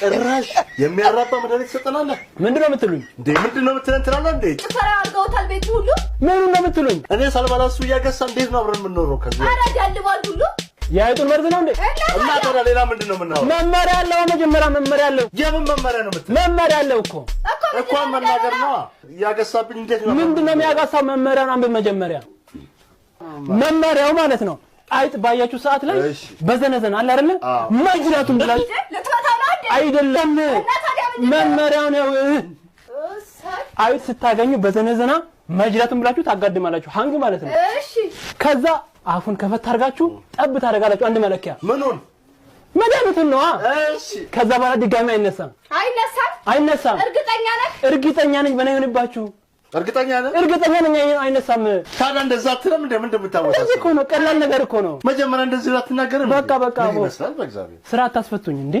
ጭራሽ የሚያራባ መድኃኒት ይሰጠናል። ምንድን ነው የምትሉኝ? እንዴ ምንድን ነው የምትለን ትላለህ? እንዴ ጭፈራ አድርገውታል ቤቱ ሁሉ። ምኑን ነው የምትሉኝ? እኔ ሳልበላ እያገሳ እንዴት ነው አብረን የምንኖረው? ከዚህ ኧረ ያልባል ሁሉ የአይጡን መርዝ ነው እንዴ? እና ታዲያ ሌላ ምንድን ነው የምናወራው? መመሪያ አለው። መጀመሪያ መመሪያ አለው። የምን መመሪያ ነው የምትለው? መመሪያ አለው እኮ እኮ መናገር ነው። እያገሳብኝ እንዴት ነው? ምንድን ነው የሚያጋሳው? መመሪያውን አንብብ መጀመሪያ። መመሪያው ማለት ነው አይጥ ባያችሁ ሰዓት ላይ በዘነዘን አለ አይደለ ማጅራቱን ብላችሁ አይደለም መመሪያውን ያው አይጥ ስታገኙ በዘነዘና ማጅራቱን ብላችሁ ታጋድማላችሁ። ሀንጉ ማለት ነው። ከዛ አፉን ከፈት አድርጋችሁ ጠብ ታደርጋላችሁ። አንድ መለኪያ ምኑን መድኃኒቱን ነዋ። ከዛ በኋላ ድጋሚ አይነሳም፣ አይነሳም፣ አይነሳም። እርግጠኛ ነህ? እርግጠኛ ነኝ በእኔ እርግጠኛ ነህ? እርግጠኛ ነኝ። አይነሳም። ታዲያ እንደዛ አትለም። እንደምን እንደምታወሳ እኮ ነው። ቀላል ነገር እኮ ነው። መጀመሪያ እንደዚህ አትናገርም። በቃ በቃ። ይመስላል። በእግዚአብሔር ስራ አታስፈቱኝ እንዴ?